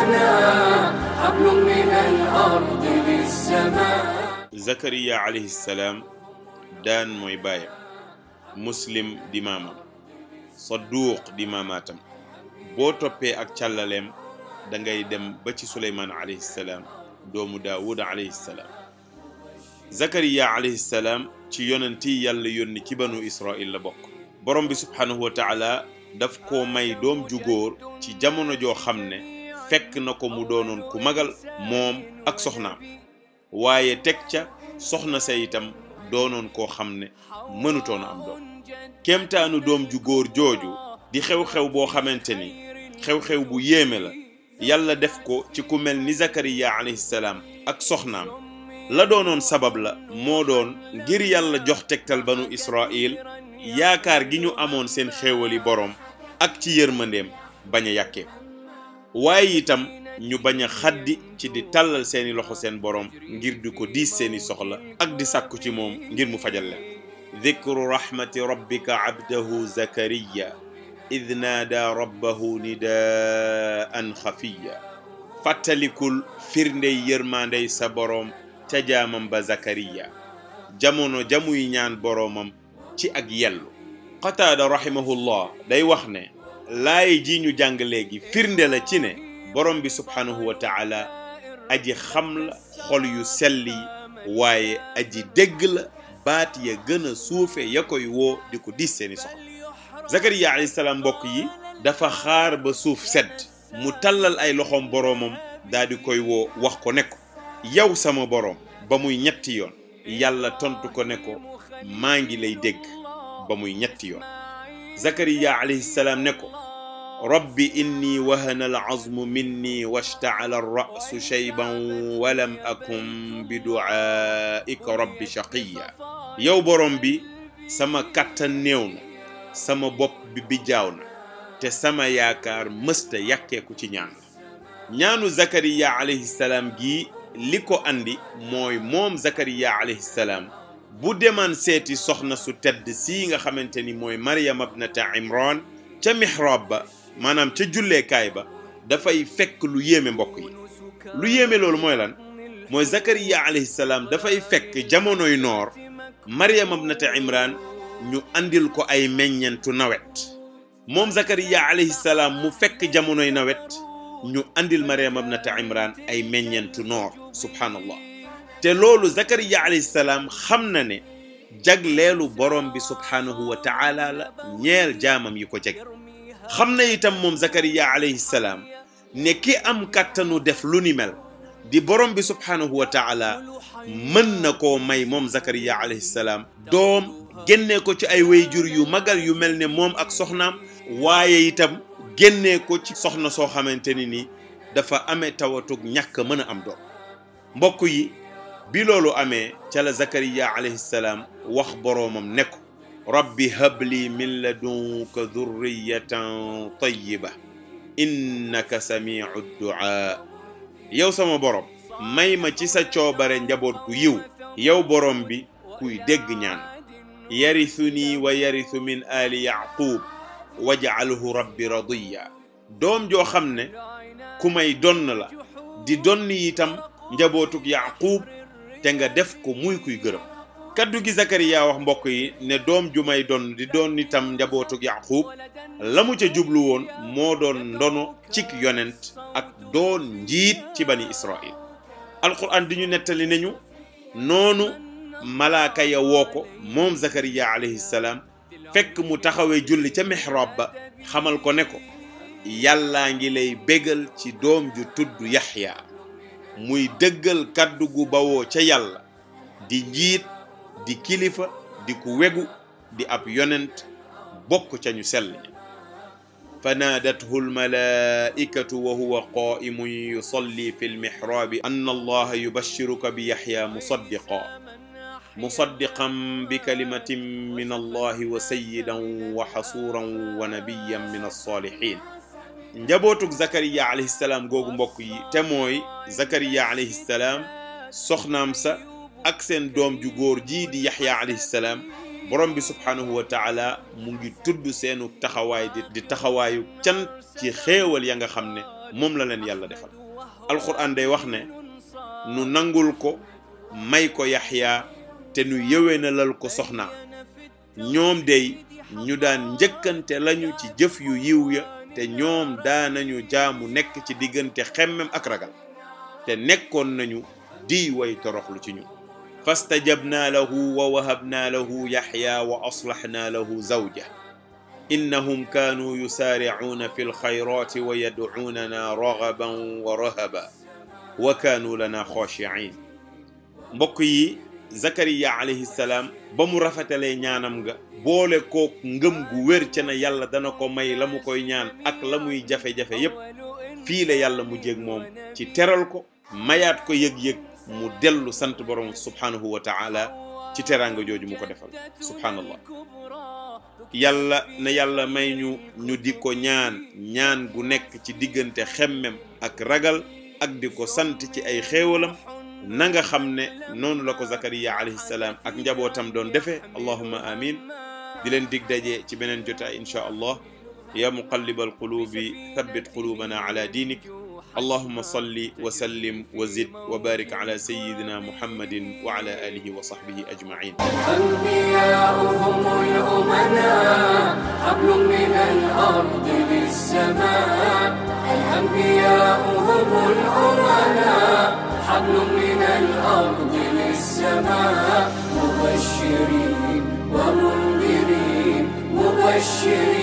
لنا حبل من الأرض للسماء زكريا عليه daan mooy baayam muslim di maamam saduuq di maamaatam boo toppee ak càllaleem dangay dem ba ci suleymaan alayhi salaam doomu daawud alayhi salaam zakariya alayhi salaam ci yonenti yàlla yónni ci banu israil la bokk borom bi subhaanahu wa taala daf koo may doom ju ci jamono joo xam ne fekk na ko mu doonoon ku magal moom ak soxnaam waaye teg ca soxna sa itam doonoon koo xam ne mënutoon am doom kéemtaanu doom ju góor jooju di xew-xew boo xamante ni xew-xew bu yéeme la yàlla def ko ci ku mel ni Zakariya alayhi salaam ak soxnaam la doonoon sabab la moo doon ngir yàlla jox tegtal banu Israil yaakaar gi ñu amoon seen xéewali boroom ak ci yërmandeem bañ a yàkkee waaye itam ñu bañ a xaddi ci di tàllal seeni loxo seen borom ngir di ko diis seeni soxla ak di sakku ci moom ngir mu fajal leen dikru rahmati rabbika abdahu zakariya id naada rabbahu nidaan xafiya fàttalikul firndey yërmaandey sa boroom ca jaamam ba zakariya jamono jamuy ñaan boroomam ci ak yellu qataada rahimahullah day wax ne laay ji ñu jàng léegi firnde la ci ne borom bi subhanahu wa taala aji xam la xol yu sell waaye aji dégg la baat ya gën a suufe ya koy woo di ko diis seeni soxla Zakariya alayhi salaam mbokk yi dafa xaar ba suuf sedd mu tàllal ay loxoom boroomam daal di koy woo wax ko ne ko yow sama borom ba muy ñetti yoon yàlla tontu ko ne ko maa ngi lay dégg ba muy ñetti yoon zakariya alayhi salaam ne ko rabbi inni wahana al azmu minni washtaala al rasu shayban walam akum bi duaika rabbi shaqiya yow borom bi sama kattan néew sama bopp bi bi jaaw na te sama yaakaar mësta yàkkeeku ci ñaan ñaanu zakariya gi li ko andi mooy moom zakariya alayhi salaam bu demaan seeti soxna su tedd sii nga xamante ni mooy Maryam abnata Imran ca mihrab ba maanaam ca julleekaay ba dafay fekk lu yéeme mbokk yi lu yéeme loolu mooy lan mooy Zakariya alayhi salaam dafay fekk jamonoy noor Maryam abnata Imran ñu indil ko ay meññentu nawet moom Zakariya alayhi salaam mu fekk jamonoy nawet ñu andil Maryam abnata Imran ay meññentu noor subhanallah te loolu zakariya alayhi salaam xam na ne jagleelu borom bi subhaanahu wa taala la ñeel jaamam yi ko jeg xam na itam moom zakariya alayhi salaam ne ki am kàttanu def lu ni mel di borom bi subhaanahu wa taala mën na ko may moom zakariya alayhi salaam doom génnee ko ci ay wayjur yu magal yu mel ne moom ak soxnaam waaye itam génnee ko ci soxna soo xamante ni dafa ame tawatug ñàkk mën a am doom mbokk yi bi loolu amee ca la zakariya alayhi wax boroomam nekku ko rabbi habli min ladunka dhurriyatan tayyiba innaka samiu duaa yow sama borom may ma ci sa coobare njaboot ku yiw yow borom bi kuy dégg ñaan yarisu wa yarisu min ali yaqub waj'alhu rabbi radiya doom joo xam ne ku may donn la di donn itam njabootuk yaqub te nga def ko muy kuy gërëm kaddu gi Zakariya wax mbokk yi ne doom ju may doon di doon itam njabootug Yaquub la mu ca jublu woon moo doon ndono cik yonent ak doon njiit ci bani Israil alquran di ñu nettali nañu noonu malaaka ya woo ko moom Zakariya alayhi salaam fekk mu taxawee julli ca mihrab ba xamal ko ne ko yàllaa ngi lay bégal ci doom ju tudd Yaxya muy dëggal kàddu gu bawoo ca yàlla di njiit di kilifa di ku wegu di ab yonent bokk ca ñu sell ña fa naadathu almalaikatu wa huwa qaimun yusalli fi lmixraabi an allaha yubashiruka bi yaxya musaddiqa musaddiqan bi kalimatin min allahi wa sayidan wa xasuuran wa nabiyan min alsaalixin njabootug zakariya alayhi salaam googu mbokk yi te mooy zakariya alayhi salaam soxnaam sa ak seen doom ju góor jii di yaxya alayhi salaam borom bi subhaanahu wa mu ngi tudd seenu taxawaay di taxawaayu cant ci xéewal ya nga xam ne moom la leen yàlla defal alquran day wax ne nu nangul ko may ko yaxya te nu yëwénalal ko soxna ñoom day ñu daan njëkkante lañu ci jëf yu yiw ya te ñoom daanañu jaamu nekk ci diggante xemmem ak ragal te nekkoon nañu di way toroxlu ci ñu fastajabna lahu wa wahabna lahu yaxya wa aslaxna lahu zawja innahum kaanuu yusaaricuuna fi lxayraati wa yadcuunana ragaban wa rahaba wa kaanuu lana xooshiin mbokk yi zakariya alayhi salaam ba mu rafetalee ñaanam nga boole kook ngëm gu wér ca ne yàlla dana ko may la mu koy ñaan ak la muy jafe-jafe yépp fii la yàlla mu jéeg moom ci teral ko mayaat ko yëg-yëg mu dellu sant borom subhanahu wa taala ci teraanga jooju mu ko defal subhanallah yàlla na yàlla may ñu ñu di ko ñaan ñaan gu nekk ci diggante xemmem ak ragal ak di ko sant ci ay xéewalam na nga xam ne noonu la ko zakariya alayhi ak njabootam doon defee allahumma amin di leen dig daje ci beneen jotaay inchaa allah ya muqalliba alquluubi thabbit quluubana ala diinik allahuma salli wa sallim wa zid wa barik ala sayidina muhammadin wa ala alihi wa sahbihi ajmain anbiyauhum lumana hablum min al ardi lissamaa anbiyauhum 去。